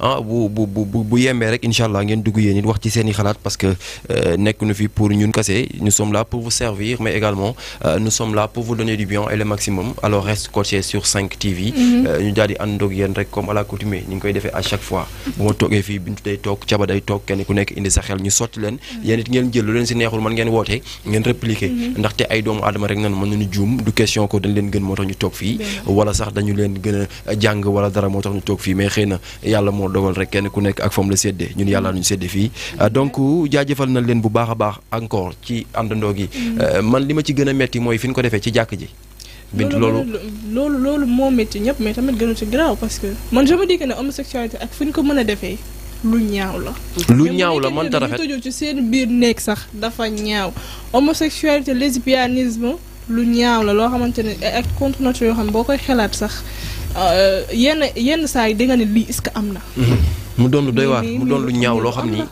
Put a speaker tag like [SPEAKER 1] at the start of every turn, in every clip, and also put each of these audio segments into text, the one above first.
[SPEAKER 1] ah bu bu bu bu yembee rek inshallah ngeen dugg yéen wax ci seen xalaat parce que euh, nekk nu fi pour ñun kese nous sommes là pour vous servir mais également euh, nous sommes là pour vous donner du bien et le maximum alors reste coaché sur 5 TV. Mhm. Euh, ñu daal di àndoog yéen rek comme à la coutume ni ñu koy défé à chaque fois bu ma toogee fii Bintu day tok ciaba day tok kenn ku nekk indi sa xel ñu sotti leen. Mhm. yéen it ngeen jël lu leen ci neexul man ngeen woté ngeen répliquer. Mhm. ndax té ay doomu aadama rek nan mënu ñu joom du question ko dañ leen gën moo tax ñu tok fi wala sax dañu leen gën jang wala dara moo tax ñu tok fi mais xëy yalla mo dogal rek kenn ku nek ak fam la séddee ñun yalla ñu séddee fi ah, donc jaajëfal nañ leen bu baaxa baax encore ci àndandoo gi mm. ah, man li ma ci gëna metti moy fiñ ko défé ci jakk ji bint lolu
[SPEAKER 2] lolu lolu mo metti ñep mais tamit gënu ci graw parce que man je me dis que na homosexualité ak fiñ ko mëna défé lu ñaaw la.
[SPEAKER 1] lu ñaaw la man ta rafet mais
[SPEAKER 2] ci seen biir nekk sax dafa ñaaw homosexualité lesbianisme lu ñaaw la lo xamanteni ak contre nature yoo xam ne boo koy xelaat sax. Euh, yenn yenn saa yi di nga ne lii est-ce que am na.
[SPEAKER 1] Mhm. mu doon lu doy waar mu doon lu ñaaw loo xam ni.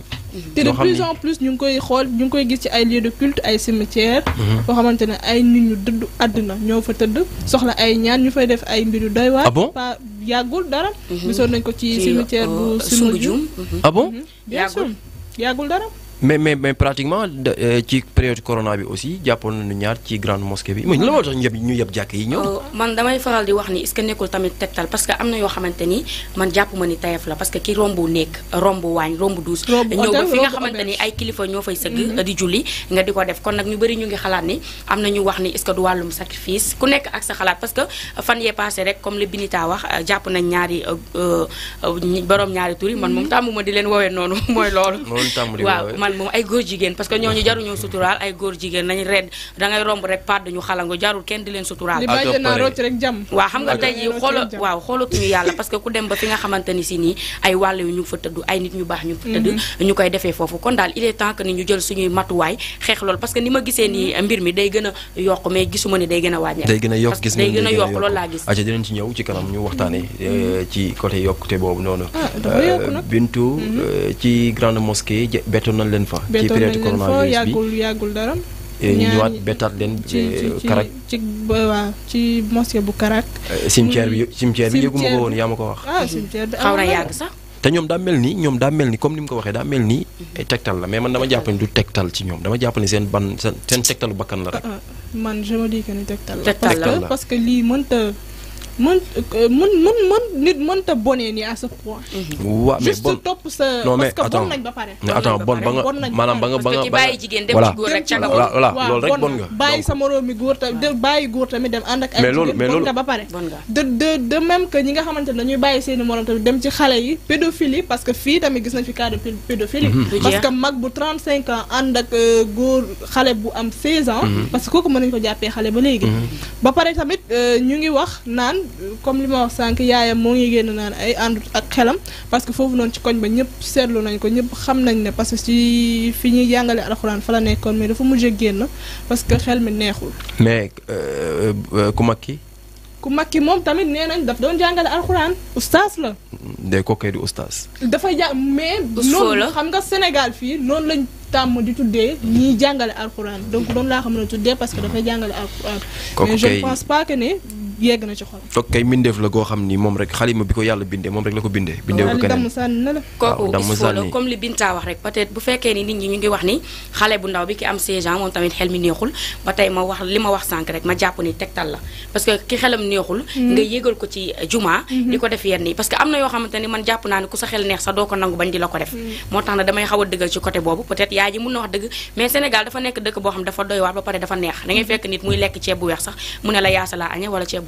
[SPEAKER 1] te de plus en
[SPEAKER 2] plus ñu ngi koy xool ñu ngi koy gis ci ay lieux de culte ay cimetières. Mhm. foo xamante ne ay nit ñu dëdd àdduna ñoo fa tëdd. soxla ay ñaan ñu fay def ay mbiru yu doy ah yàggul dara. Mhm. gisoon nañ ko ci cimetière bu euh, Soumbédioune. ah bon yàggul yàggul dara.
[SPEAKER 1] mais mais mais pratiquement euh, ci période corona bi aussi japon nañu ñaar ci grande mosquée bi. mais la tax ñu ñu yeb jakk yi ñoo oh,
[SPEAKER 3] man damay faral di wax ni est ce que nekul tamit tektal parce que amna yo xamanteni ni man jàpp ma ni tayef la parce que ki rombu nek rombu wañ rombu douze. ñoo ba fi nga xamanteni ay kilifa ñoo fay seug mm-hmm. di julli nga diko def kon nak ñu bari ñu ngi xalaat ni amna ñu wax ni est ce que du walum sacrifice ku nek ak sa xalaat parce que fan yee passé rek comme le Binita wax japp nañ ñaari euh, euh, borom ñaari tur yi man mom mm-hmm. tamuma ma di leen woowee noonu mooy loolu man mom ay gor jigen parce que ñooñu jaru ñoo sutural ay gor jigen nañ red da ngay romb rek ñu xala xalango jarul kenn di leen suturaal wa xam nga tey ji xoola waaw ñu yalla parce que ku dem ba fi nga xamante ni si nii ay walé ñu fa teddu ay nit ñu bax ñu fa teddu mhm. ñu koy défé fofu kon dal il est temps que ni ñu jël matu way xex lool parce que ni ma gisee nii mbir mi day gëna yok mais gisuma ni day gëna wañe day gëna yok gis ni day gëna yok yokk la gis aca
[SPEAKER 1] dinañ ci ñew ci kanam ñu waxtane mhm. euh, ci côté yokkute bobu nonu ah, euh, bintu mhm. euh, ci grande mosquée bettoon leen fa. ci période coronavirus bi yàggul
[SPEAKER 2] yàggul dara. Eh, ñu ñëwaat bettaat leen. ci eh, ci ci waaw ci mosquée bu Karak. Eh, cimetière bi mm. cimetière bi yëguma ko woon yaa ma ko wax. ah cimetière bi xaw na yàgg sax.
[SPEAKER 1] te ñoom daa mel ni ñoom daa mel ni comme ni mu ko waxee daa mel ni tegtal la mais man dama jàpp ni du tegtal ci ñoom dama jàpp ni seen ban seen tegtalu bakkan la rek. Ah,
[SPEAKER 2] man je me dis que ni tegtal la. tegtal la parce que lii mënta. mën euh, mën mën mën nit mënta bonee nii à ce point. waaw mmh. topp sa. non parce que bon nañ ba pare. mais attends bon ba nga maanaam ba nga ba nga. parce que ki bàyyi
[SPEAKER 1] jigéen dem ci góor rek cagamu. bon nga
[SPEAKER 2] bàyyi sa moroomi góor góor tamit dem ne dañuy bàyyi seeni moroom tamit dem ci xale yi. pédophilie parce que fii tamit gis na fi cas de pédophilie. Mmh. parce que mag bu 35 ans ànd ak euh, góor xale bu am 16 ans. Mmh. parce que kooku mën nañu ko jàppee xale ba léegi. ba pare tamit euh, ñu ngi wax naan comme li ma wax sànq yaayam moo ngi génn naan ay àndut ak xelam parce que foofu noonu ci koñ ba ñëpp seetlu nañ ko ñëpp xam nañ ne parce que ci fi ñuy jàngale alxuraan fa la nekkoon mais dafa mujj génn parce que xel mi neexul.
[SPEAKER 1] mais euh, euh, ku mag ki
[SPEAKER 2] ku mag ki moom tamit nee nañ daf doon jàngale alxuraan ustaas la.
[SPEAKER 1] day ko kay di ustaas.
[SPEAKER 2] dafay jàng mais. noonu xam nga Sénégal fii noonu lañ. tàmm di tuddee ñiy jàngale alxuraan donc doon laa xam ne tuddee parce que dafay jàngale alxuraan mais je ne pense pas que ne
[SPEAKER 3] yegg na ci xol.
[SPEAKER 1] ok mbindeef la goo xam ni moom rek xalima bi ko yàlla binde mom rek la ko binde binde ko keneen damm
[SPEAKER 3] sànni na comme li Binta wax rek peut-être bu fekkee ni nit ñi ñu ngi wax ni bu ndaw bi ki am 16 ans moom tamit xel mi neexul ba tey ma wax li ma wax sànq rek ma ni la parce que ki xelam neexul. Mm-hmm. nga ko ci juma. Mm-hmm. di ko def yenn ni parce que am na yoo xamante ni man jàpp na ni ku sa xel neex sa doo ko nangu bañ di la ko def. Mm-hmm. moo tax na damay xaw a ci côté boobu peut-être yaay ji mun wax mais dafa xam dafa doy ba pare dafa neex da ngay fekk nit muy bu sax mu la wala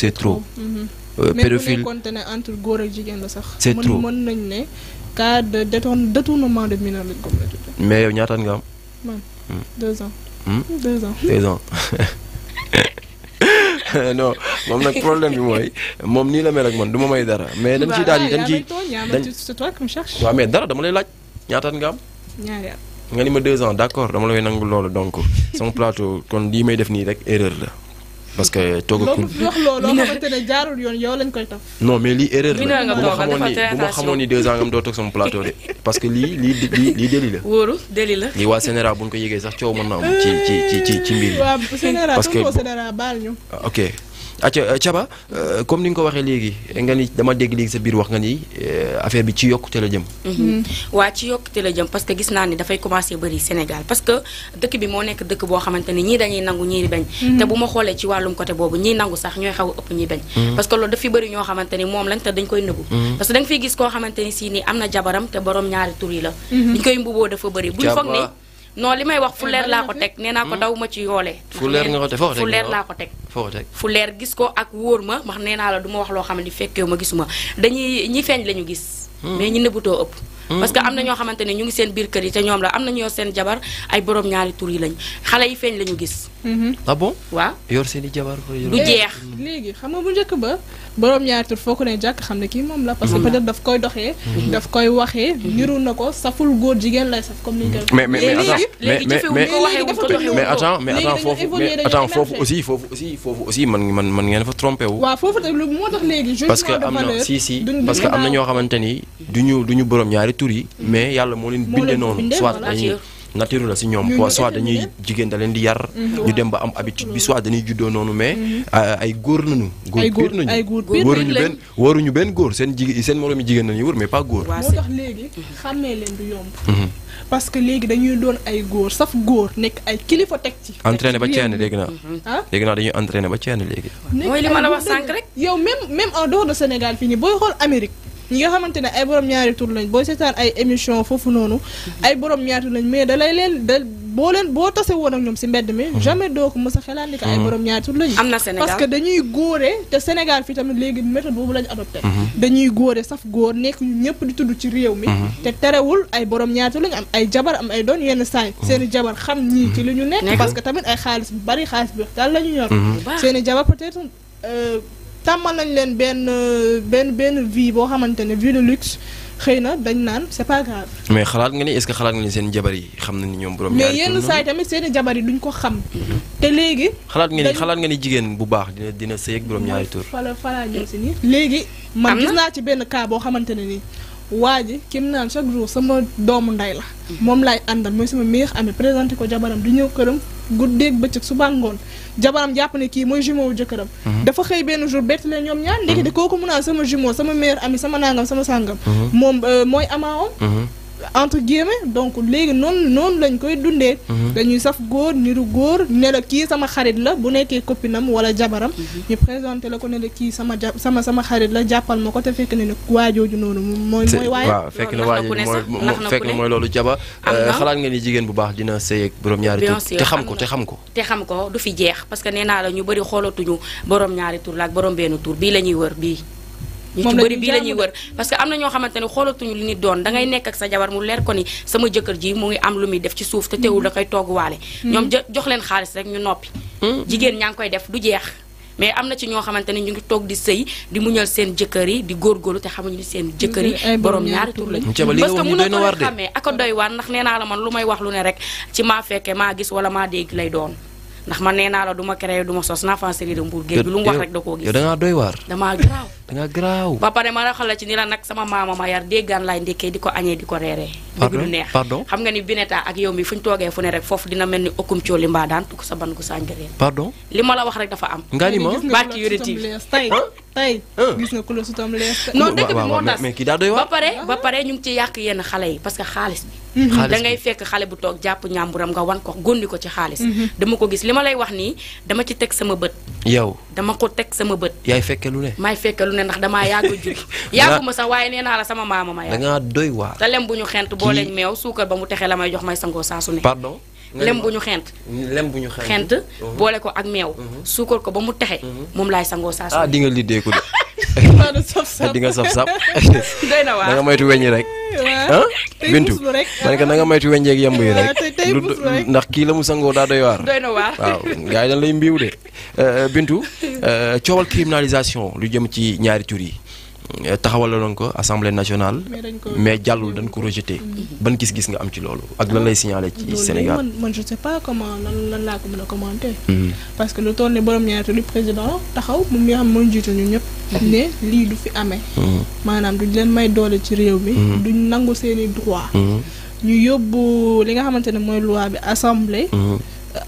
[SPEAKER 1] c'est trop. Oh, mhm. euh, pédophile
[SPEAKER 2] mais c'est trop mais nañ y a
[SPEAKER 1] mais yow hmm. hmm? deux ans. deux ans deux ans. non moom nag problème bi mooy moom nii la mel ak man may mais dañ bah,
[SPEAKER 2] toi qui me dañ mais dara
[SPEAKER 1] dama lay laaj ñaataat nga am. ñaari deux ans d'accord dama lay a loolu donc son plateau kon lii may def rek erreur parce que toogagul wax loolu xamante
[SPEAKER 2] ne jaarul yoon yow lañ koy taf
[SPEAKER 1] non mais lii erreur bu ma xamoon ni bu ma xamoon ni deux ans doo toog sama plateau de parce que lii lii lii lii la
[SPEAKER 2] wóoru déli la lii
[SPEAKER 1] waa Sénégal bu ñu ko yëgee sax coow mën na am ci ci ci ci mbir yi parce que baal ñu ah, ok acca ah, Thiaba ah, ah, comme ni nga ko waxee léegi nga ni dama dégg léegi sa biir wax nga ni eh, affaire bi ci la jëm.
[SPEAKER 3] Mhm. ci la jëm parce que gis naa ni dafay commencé bëri Sénégal parce que dëkk bi moo nekk dëkk boo xamante ni ñii dañuy nangu ñii di bañ. Mhm. te bu ma xoolee ci wàllum côté boobu ñii nangu sax ñooy xaw a ëpp ñuy bañ. Mhm. parce que loolu daf fi bëri ñoo xamante ni lañ te dañ koy parce que gis ko xamante sini si ni jabaram te borom ñaari tur yi la. dañ koy mbuboo dafa bëri buñ foog ni non li may wax fu leer laa ko teg nee ko hmm? daw ma ci fu leer nga ko fu leer ko foo teg fu leer gis ko ak wóor ma wax neena la duma wax lo xamni ne ma gisuma dañuy ñi feñ lañu gis. Hmm. mais ñi nebuto upp Mm. parce que am na ñoo xamante ne ñu ngi seen biir kër yi te ñoom la am na ñoo seen jabar ay borom ñaari tur yi lañ xale yi feeñ la ñu gis.
[SPEAKER 2] Mm-hmm.
[SPEAKER 1] ah bon waa yor seen i jabar. du jeex
[SPEAKER 2] léegi xam nga bu njëkk ba borom ñaari tur foo ko ne jàkk xam ne kii moom la. parce que mm-hmm. daf koy doxee. Mm-hmm. daf koy waxee. niru na ko saful góor jigéen lay saf mais mais mais attends mais mais mais attends mais attends foofu mais attends foofu aussi
[SPEAKER 1] foofu aussi foofu fa trompé wu.
[SPEAKER 2] waaw foofu tamit que am na parce que am na ñoo
[SPEAKER 1] xamante ni du ñu du ñu borom ñaari tur yi mais yalla mo leen bindee non soit dañuy nature la si ñom quoi soit dañuy jigen da leen di yar mm-hmm. ñu dem ba am habitude bi soit dañuy juddo non mais mm-hmm. euh, ay góor nañu góor piir nañu waruñu ben waruñu benn góor sen jigéen seen jigen jigéen nañuy wër mais pas góor motax tax
[SPEAKER 2] xamé mm-hmm. xàmmee leen du yom parce que léegi dañuy doon ay góor saf góor nek ay kilifa tek ci entraîné ba ceen dégg na ah?
[SPEAKER 1] dégg na dañuy entraîné ba ceen léegi
[SPEAKER 2] moy li mala wax sank rek yow même même en dehors de Sénégal fini boy booy Amérique ñi nga xamante ne ay borom ñaari tur lañ booy seetaan ay émission foofu noonu ay borom ñaari tur lañ mais da lay leen da boo leen boo tase woon ak ñoom si mbedd mi hmm. jamais doo ko mës a xelaat ni que ay hmm. borom ñaari am na Sénégal parce que dañuy góore te Sénégal fii tamit léegi méthode boobu lañ adopté hmm. dañuy góore saf góor nekk ñëpp di tudd ci réew mi te terewul ay borom ñaari tur lañ am ay jabar am ay doon yenn saay seeni jabar xam ñi ci li ñu nekk parce que tamit ay xaalis bu bari xaalis bi daal la ñu ñor seeni jabar peut-être euh, tàmmal nañ leen benn benn benn vie boo xamante ne vie de luxe xëy na dañ naan c'est pas grave.
[SPEAKER 1] mais xalaat nga ni est-ce que xalaat nga ni seen jabar yi xam na ñoom. borom mais yenn saa
[SPEAKER 2] seen jabar yi duñ ko xam. Mhm. te léegi.
[SPEAKER 1] xalaat nga ni xalaat nga ni jigéen bu baax dina dina sëy ak borom ñaari tur.
[SPEAKER 2] fala fala nii. léegi man gis naa ci benn cas boo xamante ne nii. waa ji ki naan chaque jour sama doomu nday la. Mhm. moom laay àndal mooy sama meilleur ami présenté ko jabaram du ñëw këram guddeeg bëccëg suba ngoon jabaram jàpp ne kii mooy jumeau jëkkëram mhm. dafa xëy benn jour bett leen ñoom ñaar ndekete mhm. kooku mun naa sama jumeau sama meilleur ami sama nàngam sama sàngam mhm. moom euh, mooy amaawam entre guillemets donc léegi noonu noonu lañ koy dundee. Mhm. dañuy saf góor niru góor ne la kii sama xarit la bu nekkee koppi nam wala jabaram. Mhm. ñu présenté la ko ne la kii sama ja sama sama xarit la jàppal ma ko te fekk ne ne waajooju noonu mooy. mooy waaye waaw fekk na waajooju
[SPEAKER 1] mooy fekk na mooy loolu jaba. Euh, xalaat nga ni jigéen bu baax dina sëy ak borom ñaari tur te xam ko te xam ko.
[SPEAKER 3] te xam ko du fi jeex parce que nee naa la ñu bari xoolatuñu borom ñaari tur la ak borom benn tur bii la ñuy wër bii. ñu ci bëri bii la wër parce que am na ñoo xamante ne xoolatuñu lu nit doon dangay nekk ak sa jabar mu leer ko ni sama jëkkër ji mu ngi am lu muy def ci suuf te mm-hmm. teewul da koy togg waale mm-hmm. ñoom jox leen xaalis rek ñu noppi mm-hmm. jigéen ñaa ngi koy def du jeex mais am na ci ñoo xamante ne ñu ngi toog di sëy di muñal seen jëkkër yi di góorgóorlu te xamuñu ni seen jëkkër yi borom ñaari tur lañu parce que mën na ko xamee ak doy waan ndax nee naa la man lu may wax lu ne rek ci maa fekke maa gis wala maa dégg lay doon ndax man nee naa la du ma créé sos l'enfant chéri de Mbour géej bi wax rek da koo gis. yow da ngaa doy waar. damaa garaaw
[SPEAKER 1] dangaa garaaw. ba
[SPEAKER 3] pare ma raxal la ci ni la nag sama maama ma yar déggaan laay ndekkee di ko añee di ko reeree. pardon du neex xam nga ni Bineta ak yow mi fu ñu toogee fu ne rek foofu dina mel ni okkum cooli mbaa daan tu sa ban gu sànjëreen. pardon li ma la wax rek dafa am. nga ni ma barki tey ah. gis nga ku la sutam lees non pare ba pare yàq yenn xale yi parce que xaalis bi ngay fekk xale bu toog jàpp ñàmburam nga wan ko góndi ko ci xaalis mhm. dama ko gis li ma lay wax nii dama ci teg sama bët yow dama ko teg sama bët yaay fekke lu ne maay fekke lu ne ndax damaa yàgg jur yàggu ma sax waaye nee naa la sama maama a yàgg
[SPEAKER 1] dangaa doy waar te
[SPEAKER 3] lem bu ñu xent boo leen meew suukar ba mu texee la may jox may sangoo saa ne lem bu ñu xent
[SPEAKER 1] lem bu ñu xent uh-huh. boole
[SPEAKER 3] ko ak meew uh-huh. suukar ko ba mu texe uh-huh. moom laay sangoo saa su ah di nga
[SPEAKER 1] liggéey ko de di nga saf saf doy na waa da nga moytu weñ yi rek ah bintu man ko na nga moytu weñ yeeg yemb yi rek ndax kii la mu sangoo daa doy waar doy na waar waaw gars yi dañ lay mbiiw de euh, bintu euh, coowal criminalisation lu jëm ci ñaari tur yi Euh, taxawaloon ko assemblée nationale. mais jàllul dañ ko rejeter mm-hmm. ban gis-gis nga am ci lolu ak lan lay signaler ci Sénégal
[SPEAKER 2] man je sais pas comment lan la ko meuna commenter. Mm-hmm. parce que le toll ne borom ñaari li président taxaw mu mi xam mooy jiitu ñun ñep né li du fi amé mm-hmm. manam duñ leen may doole ci réew mi. duñ nangu seen droit. ñu yobbu li nga xamantene moy loi bi assemblée.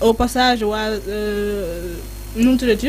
[SPEAKER 2] au passage wa euh mu tuddati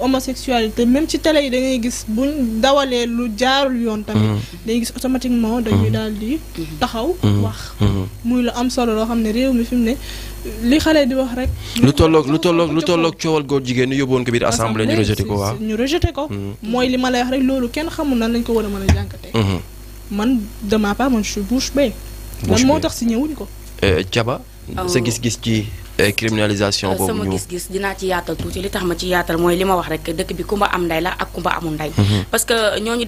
[SPEAKER 2] homosexualité même ci télé yi da ngay gis buñ dawalee lu jaarul yoon tamit mm. dañuy gis automatiquement dañuy mm. daal di mm. taxaw wax muy la am solo loo xam ne réew mi fi mu ne li xale di wax rek
[SPEAKER 1] lu tolloog lu tolloog lu tolloog coowal góor jigéen ñu yóbboon ko biir assemblée ñu rejeté ko waaw ñu
[SPEAKER 2] rejeté ko mooy li ma lay wax rek loolu kenn xamul na lañ ko war a mën a jànkate
[SPEAKER 1] mm-hmm.
[SPEAKER 2] man de ma part man je suis bouche moo tax si
[SPEAKER 3] ñëw ñëwuñ ko
[SPEAKER 1] eh, Thiaba oh. sa gis-gis ci Euh, criminalisation euh, boobu ñu sama gis-gis
[SPEAKER 3] dinaa ci yaatal tuuti li tax ma ci yaatal mooy li ma wax rek dëkk bi kumba am ndey la ak kumba amul ndey mhm. parce que ñooñu